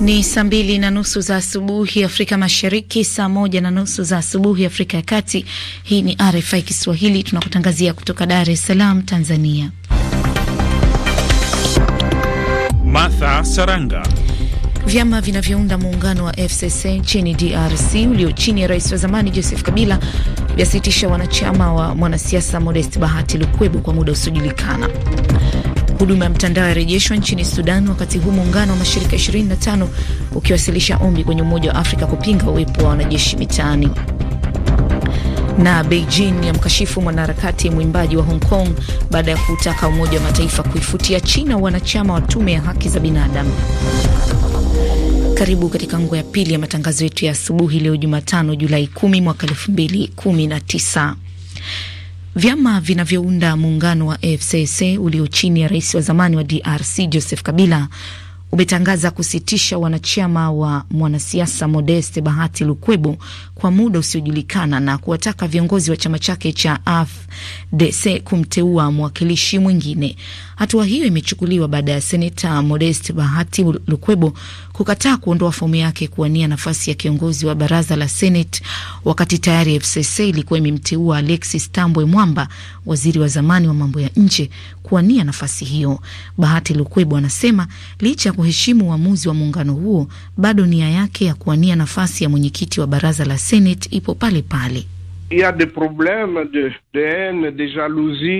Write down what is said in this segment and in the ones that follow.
Ni saa mbili na nusu za asubuhi Afrika Mashariki, saa moja na nusu za asubuhi Afrika ya Kati. Hii ni RFI Kiswahili, tunakutangazia kutoka Dar es Salaam, Tanzania. Martha Saranga. Vyama vinavyounda muungano wa FCC nchini DRC ulio chini ya rais wa zamani Joseph Kabila vyasitisha wanachama wa mwanasiasa Modest Bahati Lukwebo kwa muda usiojulikana huduma ya mtandao yarejeshwa nchini Sudan, wakati huu muungano wa mashirika 25 ukiwasilisha ombi kwenye Umoja wa Afrika kupinga uwepo wa wanajeshi mitaani na Beijing ya mkashifu mwanaharakati mwimbaji wa Hong Kong baada ya kutaka Umoja wa Mataifa kuifutia China wanachama wa tume ya haki za binadamu. Karibu katika ngo ya pili ya matangazo yetu ya asubuhi leo Jumatano Julai 10 mwaka 2019. Vyama vinavyounda muungano wa FCC ulio chini ya rais wa zamani wa DRC Joseph Kabila umetangaza kusitisha wanachama wa mwanasiasa Modeste Bahati Lukwebo kwa muda usiojulikana na kuwataka viongozi wa chama chake cha AFDC kumteua mwakilishi mwingine. Hatua hiyo imechukuliwa baada ya seneta Modeste Bahati Lukwebo kukataa kuondoa fomu yake kuwania nafasi ya kiongozi wa baraza la Senate, wakati tayari FCC ilikuwa imemteua Alexis Tambwe Mwamba, waziri wa zamani wa mambo ya nje kuwania nafasi hiyo. Bahati Lukwebo anasema licha ya kuheshimu uamuzi wa muungano huo, bado nia yake ya kuwania nafasi ya mwenyekiti wa baraza la Senate ipo pale pale.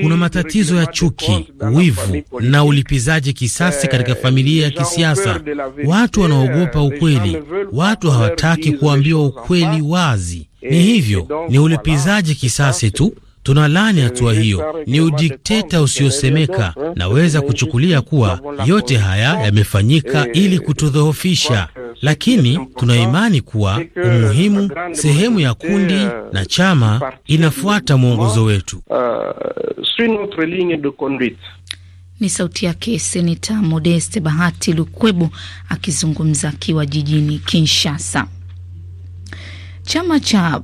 Kuna matatizo ya chuki, wivu na ulipizaji kisasi eh, katika familia ya kisiasa. Watu wanaogopa ukweli, watu hawataki kuambiwa ukweli wazi. Ni hivyo, ni ulipizaji kisasi tu tunalani hatua hiyo. Ni udikteta usiosemeka. Naweza kuchukulia kuwa yote haya yamefanyika ili kutudhoofisha, lakini tunaimani kuwa umuhimu, sehemu ya kundi na chama inafuata mwongozo wetu. Ni sauti yake Senata Modeste Bahati Lukwebo akizungumza akiwa jijini Kinshasa. Chama cha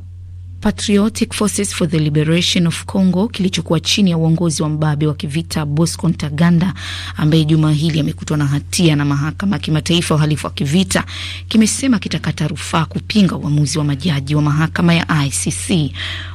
Patriotic Forces for the Liberation of Congo kilichokuwa chini ya uongozi wa mbabe wa kivita Bosco Ntaganda ambaye juma hili amekutwa na hatia na mahakama ya kimataifa ya uhalifu wa kivita kimesema kitakata rufaa kupinga uamuzi wa majaji wa mahakama ya ICC.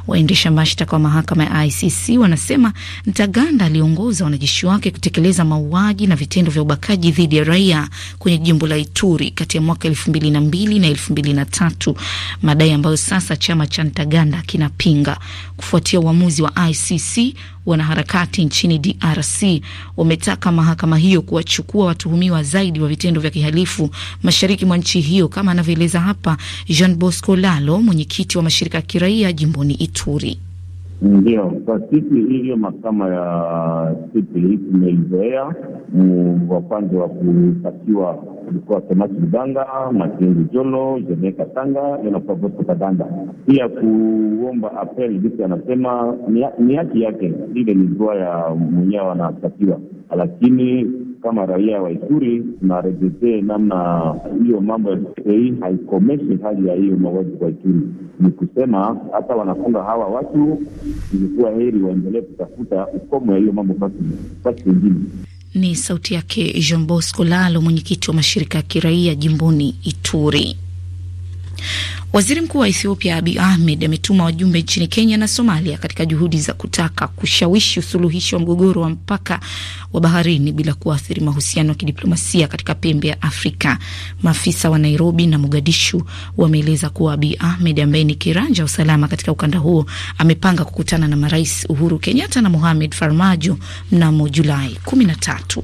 Waendesha mashtaka wa mahakama ya ICC wanasema Ntaganda aliongoza wanajeshi wake kutekeleza mauaji na vitendo vya ubakaji dhidi ya raia kwenye jimbo la Ituri kati ya mwaka 2002 na 2003, madai ambayo sasa chama cha Ntaganda Uganda kinapinga kufuatia uamuzi wa ICC. Wanaharakati nchini DRC wametaka mahakama hiyo kuwachukua watuhumiwa zaidi wa vitendo vya kihalifu mashariki mwa nchi hiyo, kama anavyoeleza hapa Jean Bosco Lalo, mwenyekiti wa mashirika ya kiraia jimboni Ituri. Ndio, kwa siku hiyo mahakama ya CPI imeizoea wa wa kutakiwa kulikuwa Tomasi Lubanga, Makenzi Jolo, Jene Katanga na Kadanda. Pia kuomba apel bisi anasema ni haki yake, ile ni zua ya mwenyewe anatakiwa, lakini kama raia wa Ituri tunarejetee namna hiyo mambo ya hii haikomeshi hali ya hiyo mauaji kwa Ituri. Ni kusema hata wanafunga hawa watu, ilikuwa heri waendelee kutafuta ukomo ya hiyo mambo basi wengine. Ni sauti yake Jean Bosco Lalo, mwenyekiti wa mashirika ya kiraia jimboni Ituri. Waziri mkuu wa Ethiopia Abi Ahmed ametuma wajumbe nchini Kenya na Somalia katika juhudi za kutaka kushawishi usuluhishi wa mgogoro wa mpaka wa baharini bila kuathiri mahusiano ya kidiplomasia katika pembe ya Afrika. Maafisa wa Nairobi na Mogadishu wameeleza kuwa Abi Ahmed ambaye ni kiranja usalama katika ukanda huo amepanga kukutana na marais Uhuru Kenyatta na Mohamed Farmajo mnamo Julai 13.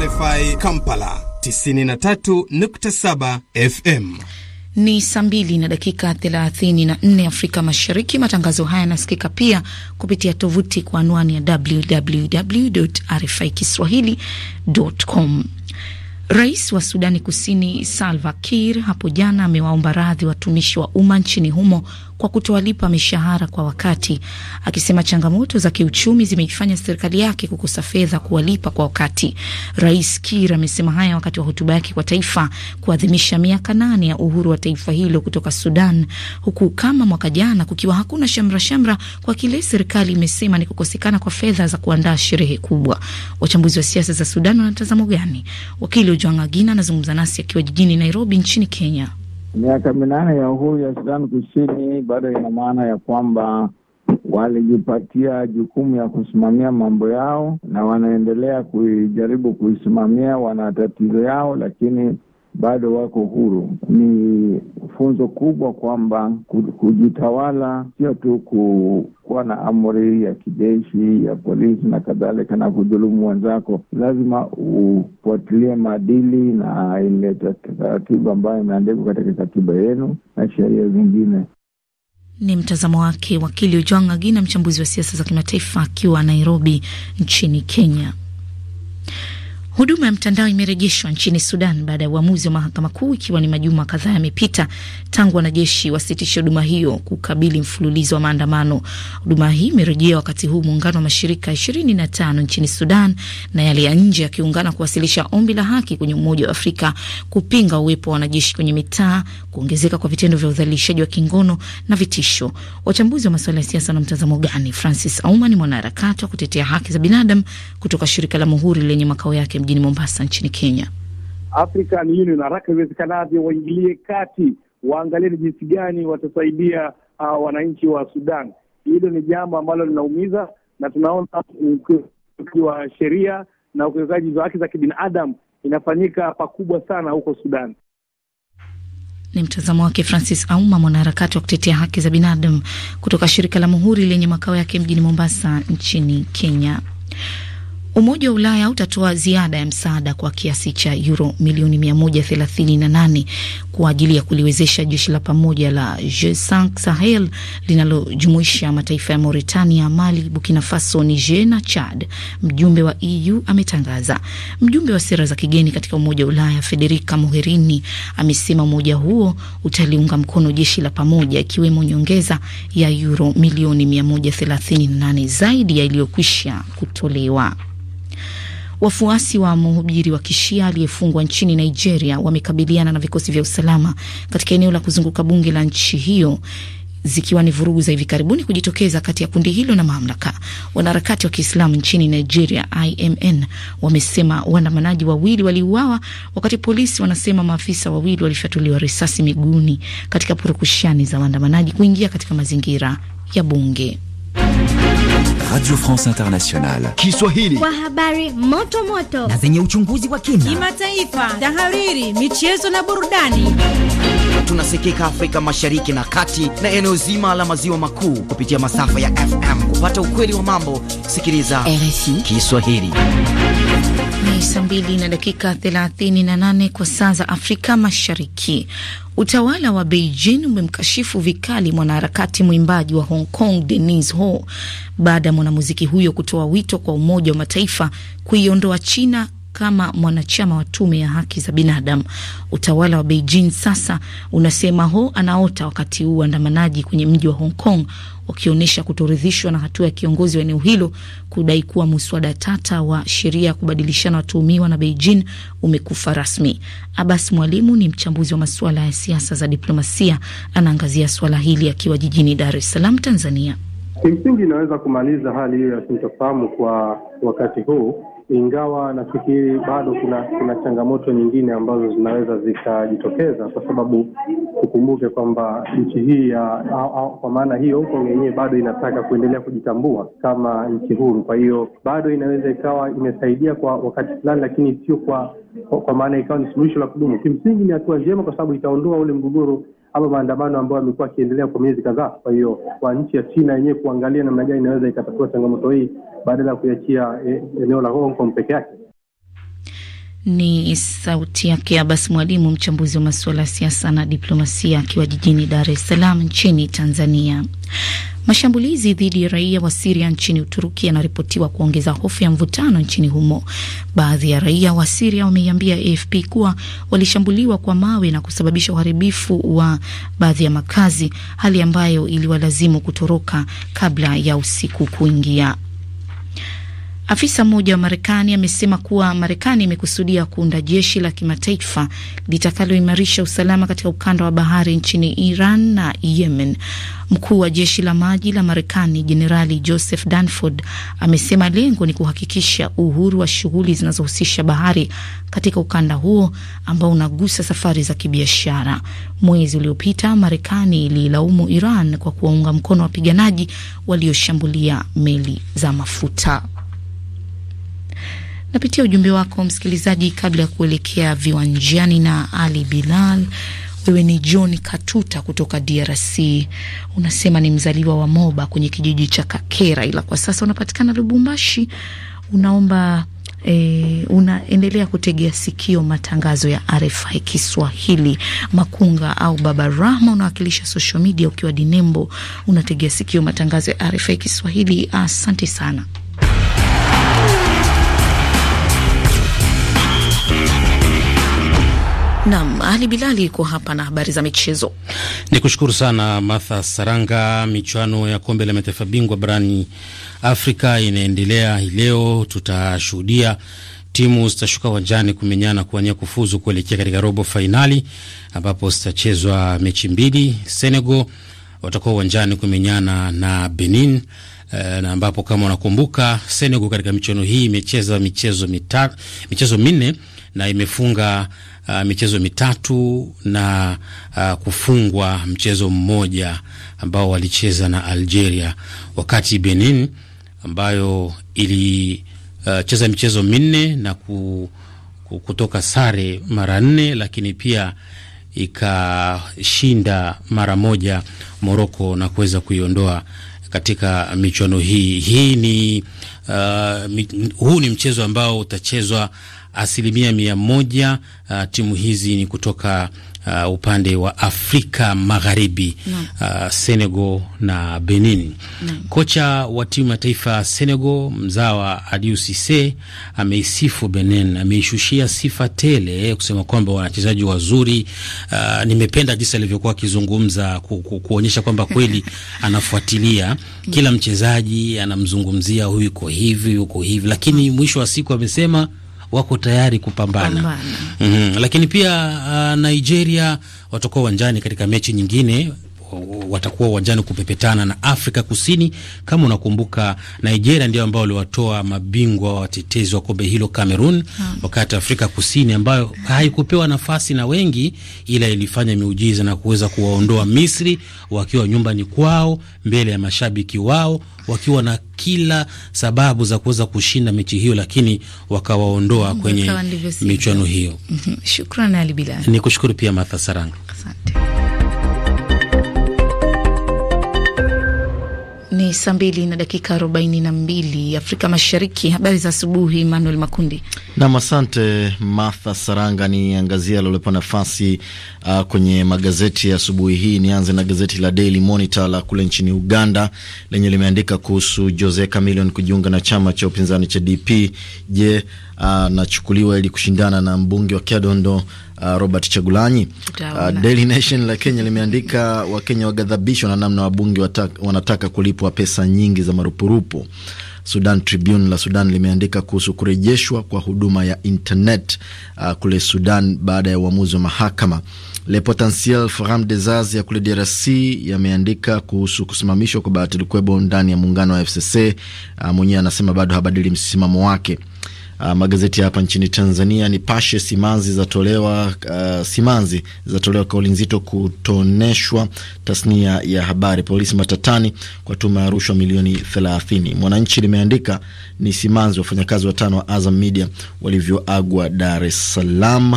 RFI Kampala 93.7 FM. Ni saa mbili na dakika 34 Afrika Mashariki. Matangazo haya yanasikika pia kupitia tovuti kwa anwani ya www RFI kiswahili.com. Rais wa Sudani Kusini Salva Kiir hapo jana amewaomba radhi watumishi wa umma nchini humo kwa kutowalipa mishahara kwa wakati, akisema changamoto za kiuchumi zimeifanya serikali yake kukosa fedha kuwalipa kwa wakati. Rais Kiir amesema haya wakati wa hotuba yake kwa taifa kuadhimisha miaka nane ya uhuru wa taifa hilo kutoka Sudan, huku kama mwaka jana kukiwa hakuna shamra shamra kwa kile serikali imesema ni kukosekana kwa fedha za kuandaa sherehe kubwa. Wachambuzi wa siasa za Sudan wanatazamo gani? Wakili Ojwang' Agina anazungumza nasi akiwa jijini Nairobi nchini Kenya. Miaka minane ya uhuru ya Sudani Kusini bado ina maana ya kwamba walijipatia jukumu ya kusimamia mambo yao na wanaendelea kuijaribu kuisimamia, wana tatizo yao, lakini bado wako huru. Ni funzo kubwa kwamba kujitawala sio tu kuwa na amri ya kijeshi ya polisi na kadhalika na kudhulumu wenzako, lazima ufuatilie maadili na ile taratibu ambayo imeandikwa katika katiba yenu na sheria zingine. Ni mtazamo wake wakili Ojwang Agina, mchambuzi wa siasa za kimataifa, akiwa Nairobi nchini Kenya. Huduma ya mtandao imerejeshwa nchini Sudan baada ya uamuzi wa mahakama kuu, ikiwa ni majuma kadhaa yamepita tangu wanajeshi wasitishe huduma hiyo kukabili mfululizo wa maandamano. Huduma hii imerejea wakati huu muungano wa mashirika tano nchini Sudan na yale ya nje yakiungana kuwasilisha ombi la haki kwenye Umoja wa Afrika kupinga uwepo wa wanajeshi kwenye mitaa, kuongezeka kwa vitendo vya udhalilishaji wa kingono na vitisho. Wachambuzi wa masuala ya siasa na mtazamo gani? Francis Auma ni mwanaharakati wa kutetea haki za binadamu kutoka shirika la Muhuri lenye makao yake mjini Mombasa nchini Kenya. African Union haraka iwezekanavyo waingilie kati, waangalie ni jinsi gani watasaidia uh, wananchi wa Sudan. Hilo ni jambo ambalo linaumiza, na tunaona ukiukaji wa sheria na ukiukaji wa haki za kibinadamu inafanyika pakubwa sana huko Sudan. Ni mtazamo wake Francis Auma, mwanaharakati wa kutetea haki za binadamu kutoka shirika la Muhuri lenye makao yake mjini Mombasa nchini Kenya. Umoja wa Ulaya utatoa ziada ya msaada kwa kiasi cha euro milioni 138 kwa ajili ya kuliwezesha jeshi la pamoja la G5 Sahel linalojumuisha mataifa ya Mauritania, Mali, Burkina Faso, Niger na Chad, mjumbe wa EU ametangaza. Mjumbe wa sera za kigeni katika Umoja wa Ulaya Federica Mogherini amesema umoja huo utaliunga mkono jeshi la pamoja, ikiwemo nyongeza ya euro milioni 138 zaidi ya iliyokwisha kutolewa. Wafuasi wa mhubiri wa kishia aliyefungwa nchini Nigeria wamekabiliana na vikosi vya usalama katika eneo la kuzunguka bunge la nchi hiyo zikiwa ni vurugu za hivi karibuni kujitokeza kati ya kundi hilo na mamlaka. Wanaharakati wa Kiislamu nchini Nigeria, IMN, wamesema waandamanaji wawili waliuawa, wakati polisi wanasema maafisa wawili walifyatuliwa risasi miguuni katika purukushani za waandamanaji kuingia katika mazingira ya bunge. Radio France Internationale. Kiswahili. Kwa habari moto moto na zenye uchunguzi wa kina, kimataifa, tahariri, michezo na burudani. Tunasikika Afrika Mashariki na Kati na eneo zima la maziwa makuu kupitia masafa ya FM. Kupata ukweli wa mambo, sikiliza RFI Kiswahili. Ni saa 2 na dakika 38 kwa saa za Afrika Mashariki. Utawala wa Beijing umemkashifu vikali mwanaharakati mwimbaji wa Hong Kong Denis Ho baada ya mwanamuziki huyo kutoa wito kwa Umoja wa Mataifa kuiondoa China kama mwanachama wa tume ya haki za binadamu. Utawala wa Beijing sasa unasema Ho anaota wakati huu waandamanaji kwenye mji wa Hong Kong wakionyesha kutoridhishwa na hatua ya kiongozi wa eneo hilo kudai kuwa muswada tata wa sheria ya kubadilishana watuhumiwa na Beijing umekufa rasmi. Abbas Mwalimu ni mchambuzi wa masuala ya siasa za diplomasia, anaangazia suala hili akiwa jijini Dar es Salaam, Tanzania. Kimsingi inaweza kumaliza hali hiyo ya sintofahamu kwa wakati huu ingawa nafikiri bado kuna kuna changamoto nyingine ambazo zinaweza zikajitokeza, kwa sababu tukumbuke kwamba nchi hii ya kwa maana hiyo Hong Kong yenyewe bado inataka kuendelea kujitambua kama nchi huru. Kwa hiyo bado inaweza ikawa imesaidia kwa wakati fulani, lakini sio kwa kwa, kwa maana ikawa ni suluhisho la kudumu. Kimsingi ni hatua njema, kwa sababu itaondoa ule mgogoro ama maandamano ambayo yamekuwa akiendelea kwa miezi kadhaa. Kwa hiyo kwa nchi ya China yenyewe kuangalia namna gani inaweza ikatatua changamoto hii badala ya kuiachia e, eneo la Hong Kong peke yake. Ni sauti yake Abbas Mwalimu, mchambuzi wa masuala ya siasa na diplomasia, akiwa jijini Dar es Salaam nchini Tanzania. Mashambulizi dhidi ya raia wa Siria nchini Uturuki yanaripotiwa kuongeza hofu ya mvutano nchini humo. Baadhi ya raia wa Siria wameiambia AFP kuwa walishambuliwa kwa mawe na kusababisha uharibifu wa baadhi ya makazi, hali ambayo iliwalazimu kutoroka kabla ya usiku kuingia. Afisa mmoja wa Marekani amesema kuwa Marekani imekusudia kuunda jeshi la kimataifa litakaloimarisha usalama katika ukanda wa bahari nchini Iran na Yemen. Mkuu wa jeshi la maji la Marekani Jenerali Joseph Dunford amesema lengo ni kuhakikisha uhuru wa shughuli zinazohusisha bahari katika ukanda huo ambao unagusa safari za kibiashara. Mwezi uliopita, Marekani ililaumu Iran kwa kuwaunga mkono wapiganaji walioshambulia meli za mafuta. Napitia ujumbe wako msikilizaji, kabla ya kuelekea viwanjani na Ali Bilal. Wewe ni John Katuta kutoka DRC, unasema ni mzaliwa wa Moba kwenye kijiji cha Kakera, ila kwa sasa unapatikana Lubumbashi. Unaomba E, unaendelea kutegea sikio matangazo ya RFI Kiswahili. Makunga au Baba Rahma, unawakilisha social media ukiwa Dinembo, unategea sikio matangazo ya RFI Kiswahili. Asante sana. Nam Ali Bilali iko hapa na habari za michezo. Ni kushukuru sana Martha Saranga. Michuano ya kombe la mataifa bingwa barani Afrika inaendelea hii leo, tutashuhudia timu zitashuka uwanjani kumenyana kuwania kufuzu kuelekea katika robo fainali ambapo zitachezwa mechi mbili. Senegal watakuwa uwanjani kumenyana na Benin eh, na ambapo kama unakumbuka Senegal katika michuano hii imecheza michezo minne na imefunga uh, michezo mitatu na uh, kufungwa mchezo mmoja ambao walicheza na Algeria, wakati Benin ambayo ilicheza uh, michezo minne na ku, ku, kutoka sare mara nne, lakini pia ikashinda mara moja Moroko na kuweza kuiondoa katika michuano hii. Hii ni uh, huu ni mchezo ambao utachezwa asilimia mia moja. Uh, timu hizi ni kutoka uh, upande wa Afrika Magharibi uh, Senegal na Benin na. Kocha wa timu ya taifa ya Senegal mzawa Aliou Cisse ameisifu Benin, ameishushia sifa tele kusema kwamba wanachezaji wazuri. Uh, nimependa jinsi alivyokuwa akizungumza ku, ku, kuonyesha kwamba kweli anafuatilia kila mchezaji, anamzungumzia huyu yuko hivi, yuko hivi, lakini mwisho wa siku amesema wako tayari kupambana mm -hmm. Lakini pia uh, Nigeria watakuwa uwanjani katika mechi nyingine watakuwa uwanjani kupepetana na Afrika Kusini. Kama unakumbuka, Nigeria ndio ambao waliwatoa mabingwa watetezi wa kombe hilo Cameroon, hmm. wakati Afrika Kusini ambayo haikupewa nafasi na wengi, ila ilifanya miujiza na kuweza kuwaondoa Misri wakiwa nyumbani kwao mbele ya mashabiki wao wakiwa na kila sababu za kuweza kushinda mechi hiyo, lakini wakawaondoa hmm, kwenye michuano hiyo. Mhm, shukrani Ali Bilal. Nikushukuru pia Martha Saranga. Asante. saa mbili na dakika arobaini na mbili Afrika Mashariki. Habari za asubuhi, Emmanuel Makundi. Nam, asante Martha Saranga. niangazia aliolepa nafasi uh, kwenye magazeti ya asubuhi hii. Nianze na gazeti la Daily Monitor la kule nchini Uganda lenye limeandika kuhusu Jose Chameleone kujiunga na chama cha upinzani cha DP. Je, anachukuliwa uh, ili kushindana na mbunge wa Kyadondo uh, Robert Chagulanyi. Uh, Daily Nation la Kenya limeandika Wakenya wagadhabishwa na namna wabunge wanataka kulipwa pesa nyingi za marupurupu. Sudan Tribune la Sudan limeandika kuhusu kurejeshwa kwa huduma ya internet uh, kule Sudan baada ya uamuzi wa mahakama. Le Potentiel Forum des As ya kule DRC yameandika kuhusu kusimamishwa kwa Bahati Lukwebo ndani ya muungano wa FCC. Uh, mwenyewe anasema bado habadili msimamo wake uh, magazeti hapa nchini Tanzania. Nipashe, simanzi zatolewa, uh, simanzi zatolewa kauli nzito kutoneshwa tasnia ya habari. Polisi matatani kwa tuma ya rushwa milioni 30. Mwananchi limeandika ni simanzi wafanyakazi watano wa Azam Media walivyoagwa Dar es Salaam.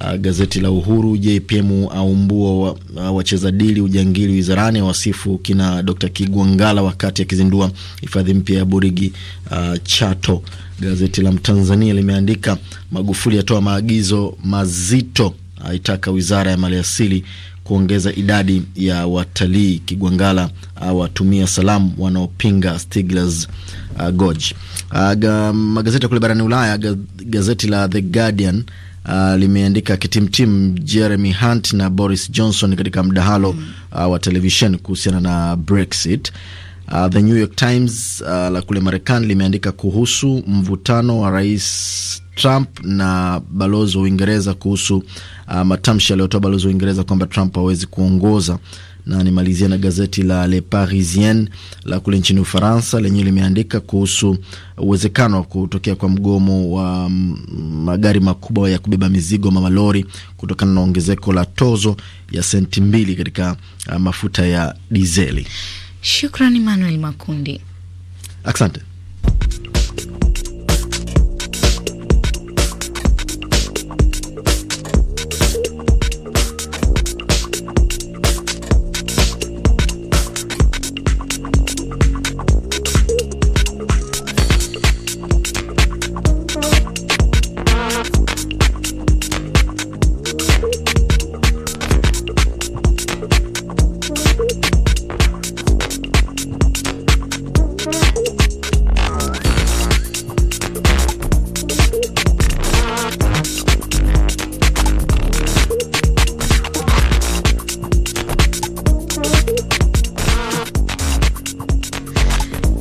Uh, gazeti la Uhuru, JPM aumbua wacheza wa dili ujangili wizarani, wasifu kina Dr. Kigwangala wakati akizindua hifadhi mpya ya Burigi uh, Chato. Gazeti la Mtanzania limeandika Magufuli atoa maagizo mazito, aitaka wizara ya maliasili kuongeza idadi ya watalii. Kigwangala awatumia salamu wanaopinga Stiglas uh, Gorge. Uh, magazeti ya kule barani Ulaya, gazeti la The Guardian Uh, limeandika kitimtim Jeremy Hunt na Boris Johnson katika mdahalo mm, uh, wa televisheni kuhusiana na Brexit. Uh, The New York Times uh, la kule Marekani limeandika kuhusu mvutano wa Rais Trump na balozi wa Uingereza kuhusu uh, matamshi aliyotoa balozi wa Uingereza kwamba Trump hawezi kuongoza na nimalizia na gazeti la Le Parisien la kule nchini Ufaransa, lenyewe limeandika kuhusu uwezekano wa kutokea kwa mgomo wa mm, magari makubwa ya kubeba mizigo, malori kutokana na ongezeko la tozo ya senti mbili katika uh, mafuta ya dizeli. Shukrani Emmanuel Makundi, asante.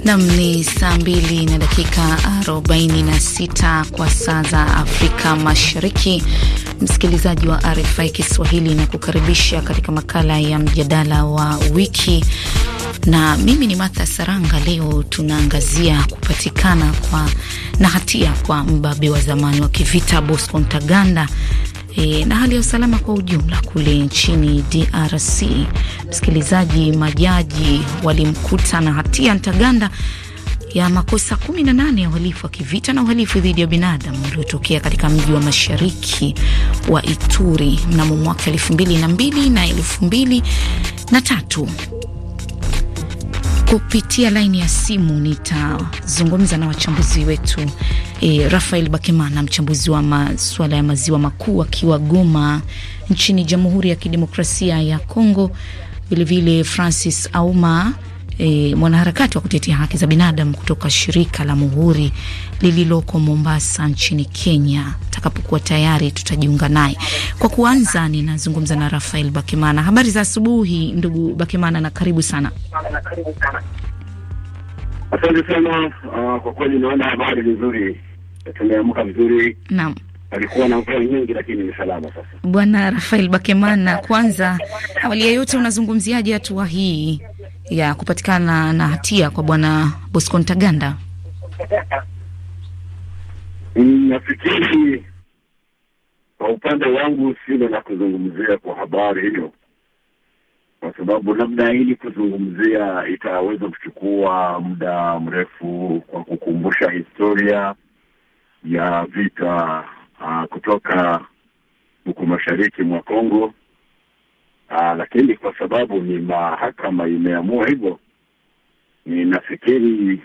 Nam ni saa mbili na dakika 46 kwa saa za Afrika Mashariki. Msikilizaji wa RFI Kiswahili na kukaribisha katika makala ya mjadala wa wiki, na mimi ni Martha Saranga. Leo tunaangazia kupatikana kwa na hatia kwa mbabe wa zamani wa kivita Bosco Ntaganda e, na hali ya usalama kwa ujumla kule nchini DRC. Msikilizaji, majaji walimkuta na hatia Ntaganda ya makosa 18 ya uhalifu wa kivita na uhalifu dhidi ya binadamu uliotokea katika mji wa mashariki wa Ituri mnamo mwaka 2002 na 2003. Kupitia laini ya simu nitazungumza na wachambuzi wetu E, Rafael Bakemana mchambuzi wa masuala ya maziwa makuu akiwa Goma nchini Jamhuri ya Kidemokrasia ya Kongo, vilevile Francis Auma E, mwanaharakati wa kutetea haki za binadamu kutoka shirika la Muhuri lililoko Mombasa nchini Kenya. Takapokuwa tayari tutajiunga naye. Kwa kuanza, ninazungumza na Rafael Bakemana. Habari za asubuhi, ndugu Bakemana, na karibu sana. Asante sana. Uh, kwa kweli naona habari vizuri tumeamka vizuri. Naam, alikuwa na mvua nyingi, lakini ni salama sasa. Bwana Rafael Bakemana, kwanza awali ya yote, unazungumziaje hatua hii ya kupatikana na hatia kwa bwana Bosco Ntaganda? Nafikiri kwa upande wangu sina la kuzungumzia kwa habari hiyo, kwa sababu labda ili kuzungumzia itaweza kuchukua muda mrefu, kwa kukumbusha historia ya vita uh, kutoka huku mashariki mwa Kongo uh, lakini kwa sababu ni mahakama imeamua hivyo, ninafikiri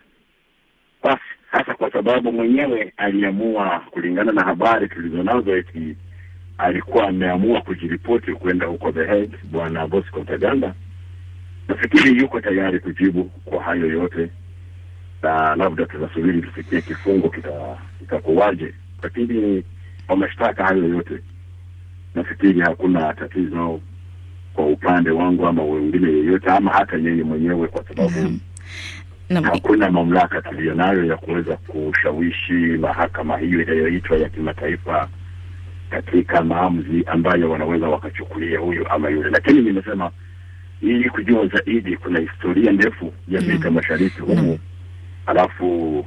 basi, hasa kwa sababu mwenyewe aliamua, kulingana na habari tulizonazo, eti alikuwa ameamua kujiripoti kwenda huko The head Bwana Bosco Ntaganda, nafikiri yuko tayari kujibu kwa hayo yote na labda tunasubiri tusikie kifungo kitakuwaje kita, lakini kwa mashtaka hayo yote nafikiri hakuna tatizo kwa upande wangu ama wengine yeyote ama hata yeye mwenyewe kwa sababu mm -hmm. hakuna mamlaka tuliyo nayo ya kuweza kushawishi mahakama hiyo inayoitwa ya kimataifa katika maamuzi ambayo wanaweza wakachukulia huyu ama yule, lakini nimesema ili kujua zaidi, kuna historia ndefu ya Afrika mm Mashariki humu mm -hmm alafu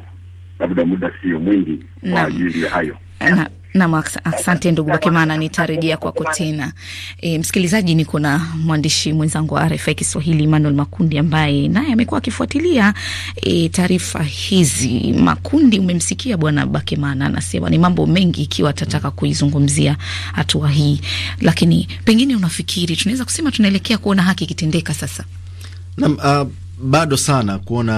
labda muda sio mwingi kwa ajili ya hayo na. Nam, asante ndugu Bakimana, nitarejea kwako tena. E, msikilizaji, niko na mwandishi mwenzangu wa RFI Kiswahili Emmanuel Makundi ambaye naye amekuwa akifuatilia e, taarifa hizi. Makundi, umemsikia bwana Bakimana anasema ni mambo mengi, ikiwa atataka kuizungumzia hatua hii, lakini pengine unafikiri tunaweza kusema tunaelekea kuona haki ikitendeka sasa? Nam, uh... Ah, bado sana kuona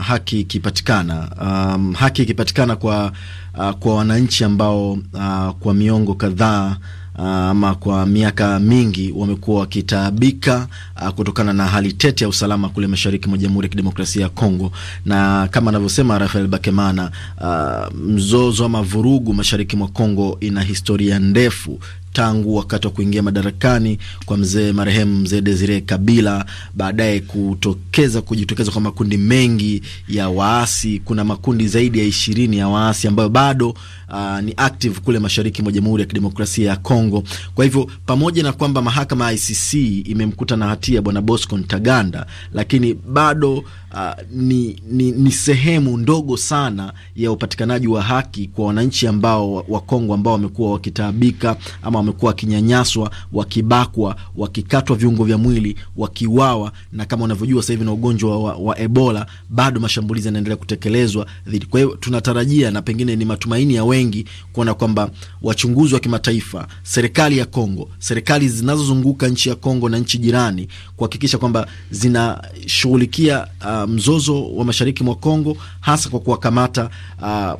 haki ikipatikana, um, haki ikipatikana kwa, uh, kwa wananchi ambao uh, kwa miongo kadhaa uh, ama kwa miaka mingi wamekuwa wakitaabika uh, kutokana na hali tete ya usalama kule mashariki mwa Jamhuri ya Kidemokrasia ya Kongo, na kama anavyosema Rafael Bakemana, uh, mzozo ama vurugu mashariki mwa Kongo ina historia ndefu tangu wakati wa kuingia madarakani kwa mzee marehemu mzee Desire Kabila, baadaye kutokeza kujitokeza kwa makundi mengi ya waasi. Kuna makundi zaidi ya ishirini ya waasi ambayo bado uh, ni active kule mashariki mwa Jamhuri ya Kidemokrasia ya Kongo. Kwa hivyo pamoja na kwamba mahakama ICC imemkuta na hatia bwana Bosco Ntaganda, lakini bado uh, ni, ni, ni sehemu ndogo sana ya upatikanaji wa haki kwa wananchi ambao Kongo ambao wamekuwa wakitaabika ama wamekuwa wakinyanyaswa, wakibakwa, wakikatwa viungo vya mwili, wakiwawa, na kama unavyojua sasa hivi na ugonjwa wa, wa Ebola bado mashambulizi yanaendelea kutekelezwa dhidi. Kwa hiyo tunatarajia na pengine ni matumaini ya wengi kuona kwamba wachunguzi wa kimataifa, serikali ya Kongo, serikali zinazozunguka nchi ya Kongo na nchi jirani kuhakikisha kwamba zinashughulikia uh, mzozo wa mashariki mwa Kongo, hasa kwa kuwakamata uh,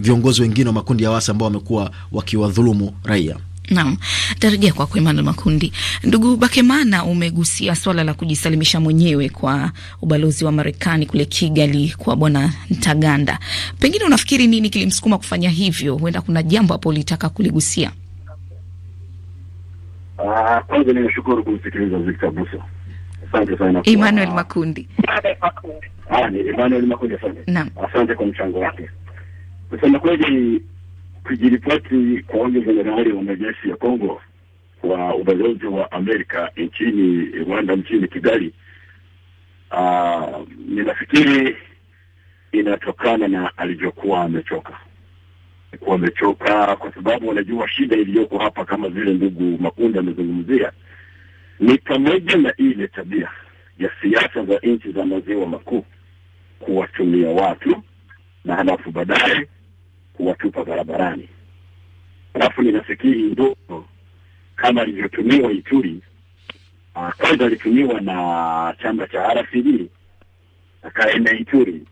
viongozi wengine wa makundi ya wasi ambao wamekuwa wakiwadhulumu raia. Naam, tarejea kwako Emmanuel Makundi. Ndugu Bakemana, umegusia swala la kujisalimisha mwenyewe kwa ubalozi wa Marekani kule Kigali kwa bwana Ntaganda, pengine unafikiri nini kilimsukuma kufanya hivyo? Huenda kuna jambo hapo ulitaka kuligusia. Ah, kwanza uh, nimshukuru kumsikiliza Victor Buso. Asante sana Emmanuel Makundi. Emmanuel Makundi, asante. asante kwa mchango wake. Kusema kweli, kujiripoti kwa onge jenerali wa majeshi ya Kongo kwa ubalozi wa Amerika nchini Rwanda, nchini Kigali, ah, ninafikiri inatokana na alivyokuwa amechoka kuwa amechoka kwa sababu wanajua shida iliyoko hapa, kama vile ndugu Makundi amezungumzia ni pamoja na ile tabia ya siasa za nchi za maziwa makuu kuwatumia watu na halafu baadaye kuwatupa barabarani. Halafu ninafikiri hii ndogo kama ilivyotumiwa Ituri. Ah, kwanza alitumiwa na chama cha RCD akaenda Ituri,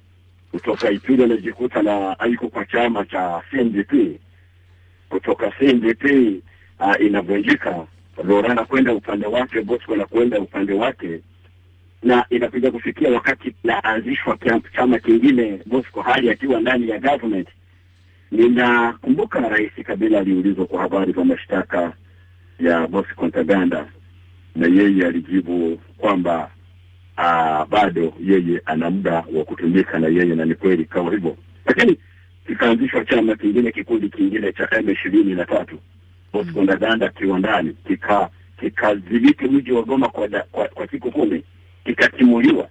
kutoka Ituri alijikuta na aiko kwa chama cha CNDP, kutoka CNDP ah, inavunjika Vora anakwenda upande wake, Bosco anakwenda upande wake, na inakuja kufikia wakati naanzishwa chama kingine, Bosco hali akiwa ndani ya government. Ninakumbuka Rais Kabila aliulizwa kwa habari za mashtaka ya Bosco Ntaganda, na yeye alijibu kwamba ah, bado yeye ana muda wa kutumika na yeye, na ni kweli kawa hivyo, lakini kikaanzishwa chama kingine, kikundi kingine cha M ishirini na tatu. Bosco Ntaganda kiwandani, kikadhibiti kika mji wa Goma kwa, da, kwa, kwa siku kumi, kikatimuliwa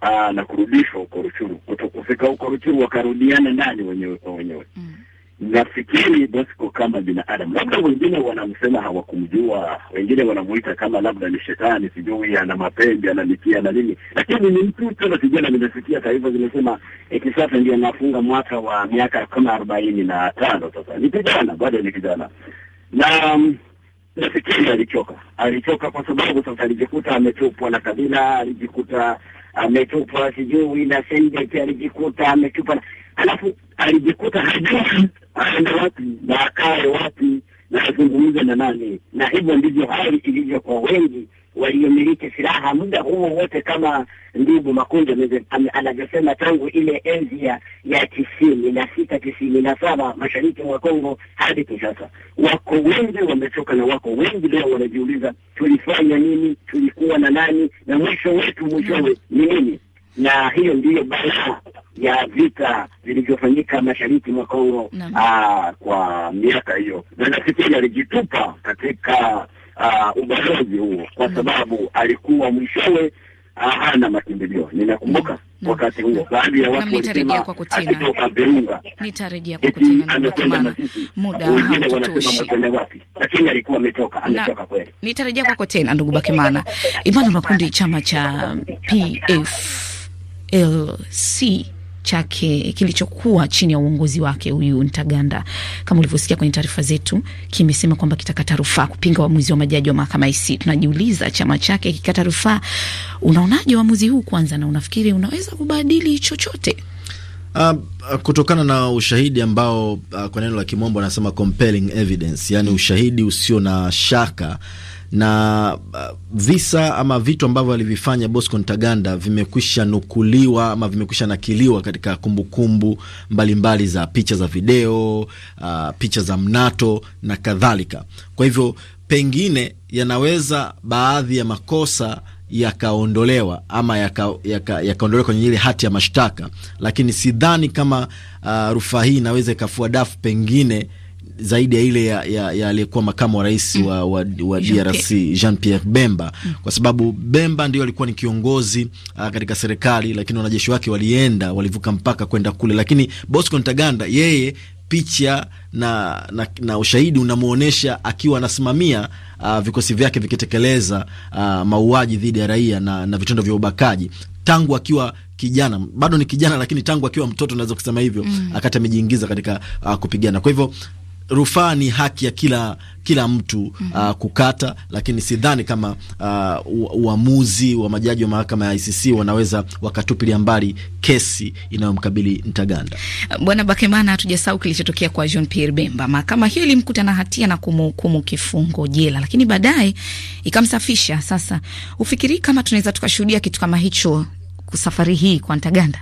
ah, na kurudishwa huko Ruchuru. Kutokufika huko Ruchuru wakarudiana ndani wenyewe kwa wenyewe mm. Nafikiri Bosco kama binadamu, labda wengine wanamsema hawakumjua, wengine wanamuita kama labda ni shetani, sijui ana mapembe mikia na nini, lakini ni mtu tena. Sijana nimesikia taarifa zimesema eti eh, sasa ndio anafunga mwaka wa miaka kama arobaini na tano. Sasa ni kijana bado, ni kijana na um, nafikiri alichoka, alichoka kwa sababu sasa alijikuta ametupwa na Kabila, alijikuta ametupwa sijui na sendeti alijikuta ametupa alafu alijikuta hajui aende wapi na akae wapi na azungumze na nani, na hivyo ndivyo hali ilivyo kwa wengi waliomiliki silaha muda huo wote, kama ndugu Makunja anavyosema, tangu ile enzi ya ya tisini na sita tisini na saba mashariki mwa Kongo hadi kisasa, wako wengi wamechoka, na wako wengi leo wanajiuliza tulifanya nini, tulikuwa na nani, na mwisho wetu mwishowe ni nini? Na hiyo ndiyo balaa ya vita vilivyofanyika mashariki mwa Kongo ah, kwa miaka hiyo, na nafikiri alijitupa katika uh, ubalozi huo kwa mm-hmm. sababu alikuwa mwishowe uh, hana makimbilio. Ninakumbuka mm-hmm. wakati huo baadhi ya watu walisema akitoka Virunga kwako tena, amekwenda wengine wanasema amekwenda wapi, lakini alikuwa ametoka, ametoka kweli. Nitarejea kwako tena, ndugu Bakimana. Imani Makundi, chama cha PFLC chake kilichokuwa chini ya uongozi wake huyu Ntaganda, kama ulivyosikia kwenye taarifa zetu, kimesema kwamba kitakata rufaa kupinga uamuzi wa majaji wa mahakama isi Tunajiuliza, chama chake kikata rufaa, unaonaje uamuzi huu kwanza, na unafikiri unaweza kubadili chochote? Uh, kutokana na ushahidi ambao uh, kwa neno la kimombo anasema compelling evidence, yani ushahidi usio na shaka na uh, visa ama vitu ambavyo alivifanya Bosco Ntaganda vimekwisha nukuliwa ama vimekwisha nakiliwa katika kumbukumbu mbalimbali mbali za picha za video, uh, picha za mnato na kadhalika. Kwa hivyo pengine yanaweza baadhi ya makosa yakaondolewa ama yakaondolewa yaka, yaka kwenye ile hati ya mashtaka, lakini sidhani kama uh, rufaa hii inaweza ikafua dafu pengine zaidi ya ile ya, ya, ya aliyekuwa makamu wa rais wa, mm. wa, wa DRC Jean Pierre Bemba, mm. kwa sababu Bemba ndio alikuwa ni kiongozi uh, katika serikali, lakini wanajeshi wake walienda walivuka mpaka kwenda kule, lakini Bosco Ntaganda yeye picha na, na, na ushahidi unamwonyesha akiwa anasimamia uh, vikosi vyake vikitekeleza uh, mauaji dhidi ya raia na, na vitendo vya ubakaji tangu akiwa kijana, bado ni kijana, lakini tangu akiwa mtoto, naweza kusema hivyo mm, akati amejiingiza katika uh, kupigana. Kwa hivyo rufaa ni haki ya kila kila mtu mm -hmm. uh, kukata, lakini sidhani kama uh, uamuzi wa majaji wa mahakama ya ICC wanaweza wakatupilia mbali kesi inayomkabili Ntaganda. Bwana Bakemana, hatujasahau kilichotokea kwa Jean Pierre Bemba. Mahakama hiyo ilimkuta na hatia na kumhukumu kifungo jela, lakini baadaye ikamsafisha. Sasa ufikiri kama tunaweza tukashuhudia kitu kama hicho safari hii kwa Ntaganda?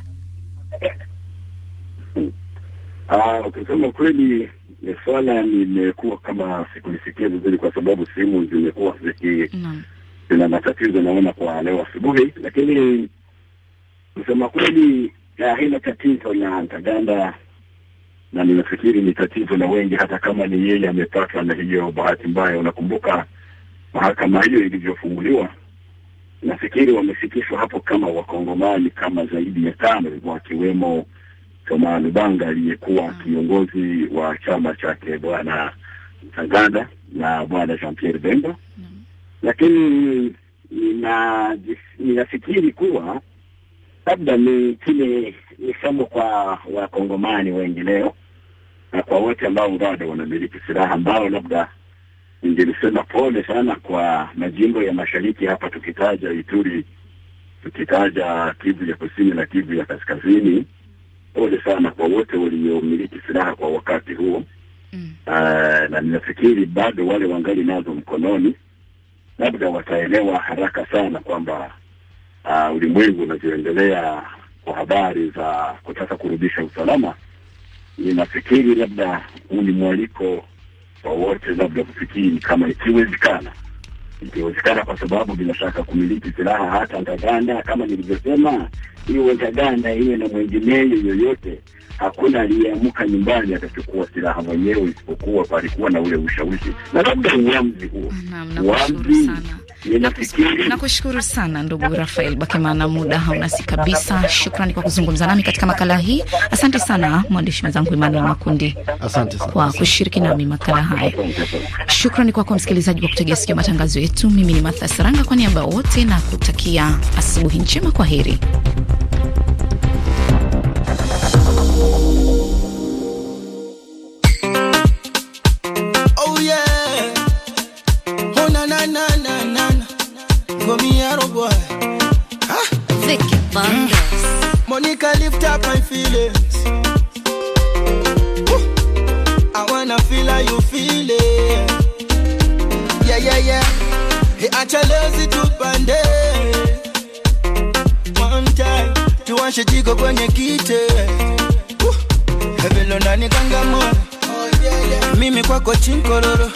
Ah, ukisema kweli ni swala nimekuwa kama sikulisikia vizuri, kwa sababu simu zimekuwa ziki zina matatizo naona kwa leo asubuhi, lakini kusema kweli eh, haina tatizo la Ntaganda na ninafikiri ni tatizo la wengi, hata kama ni yeye amepatwa na hiyo bahati mbaya. Unakumbuka mahakama hiyo ilivyofunguliwa, nafikiri wamefikishwa hapo kama wakongomani kama zaidi ya tano, wakiwemo Tomaa Lubanga aliyekuwa mm. kiongozi wa chama chake bwana Ntaganda na bwana Jean Pierre Bemba, mm. lakini nina ninafikiri kuwa labda ni kile ni somo kwa wakongomani wengi leo na kwa wote ambao bado wanamiliki silaha, ambao labda ningelisema pole sana kwa majimbo ya mashariki hapa, tukitaja Ituri, tukitaja Kivu ya kusini na Kivu ya kaskazini pole sana kwa wote waliomiliki silaha kwa wakati huo mm. Aa, ah, na ninafikiri bado wale wangali nazo mkononi, labda wataelewa haraka sana kwamba uh, ulimwengu unavyoendelea kwa habari za kutaka kurudisha usalama, ninafikiri labda huu ni mwaliko wawote wote, labda kufikiri kama ikiwezekana ikiwezekana, kwa sababu bila shaka kumiliki silaha hata Ntaganda, kama nilivyosema, iwe Ntaganda iwe na mwengineyo yoyote, hakuna aliyeamka nyumbani atachukua silaha mwenyewe, isipokuwa palikuwa na ule ushawishi na labda uamzi huo uamzi Nakushukuru sana ndugu Rafael Bakemana, muda haunasi kabisa. Shukrani kwa kuzungumza nami katika makala hii. Asante sana mwandishi mwenzangu emanuel Makundi, asante sana kwa kushiriki nami makala haya. Shukrani kwako msikilizaji kwa kutegea sikio matangazo yetu. Mimi ni Matha Saranga kwa niaba wote na kutakia asubuhi njema. Kwa heri. Machalezi tupande one time, tuwashe jiko kwenye kite hevelo nani kangamo oh, yeah, yeah. Mimi kwako chinkororo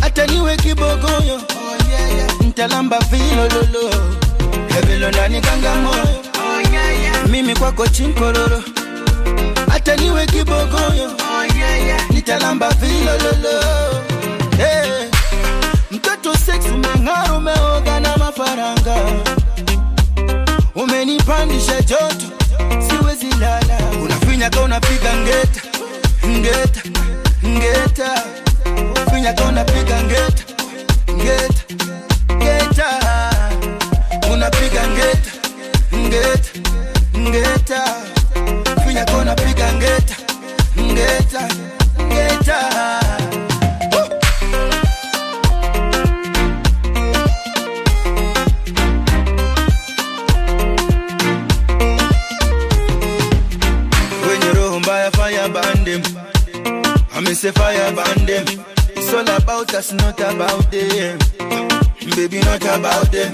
hata niwe kibogoyo oh, yeah, yeah. Ntalamba vilololo hevelo nani kangamo oh, yeah, yeah. Mimi kwako chinkororo hata niwe kibogoyo oh, yeah, yeah. Nitalamba vilololo hey to sex umeng'ara, umeoga na mafaranga, umenipandisha joto, siwezi lala. Unafinyaka unapiga ngeta ngeta ngeta, ufinyaka unapiga ngeta ngeta ngeta, unapiga ngeta ngeta ngeta, ufinyaka unapiga ngeta ngeta ngeta say fire burn them. It's all about us, not about them. Baby, not about them.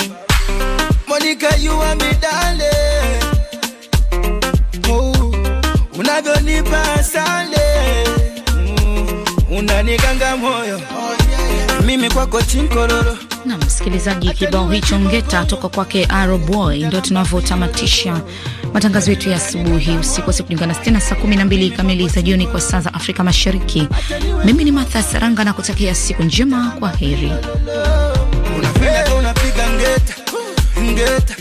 Monica, you are me, darling. Oh, una go ni unavyonipa sale, mm, ni ganga moyo mimi kwako chinkororo na msikilizaji, kibao hicho ngeta toka kwake Arrow Boy, ndio tunavyotamatisha matangazo yetu ya asubuhi. Usikose kujiunga nasi tena saa 12 kamili za jioni kwa saa za Afrika Mashariki. Mimi ni Martha Saranga na kutakia siku njema, kwa heri. Ngeta,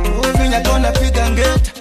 ngeta, ngeta, ngeta.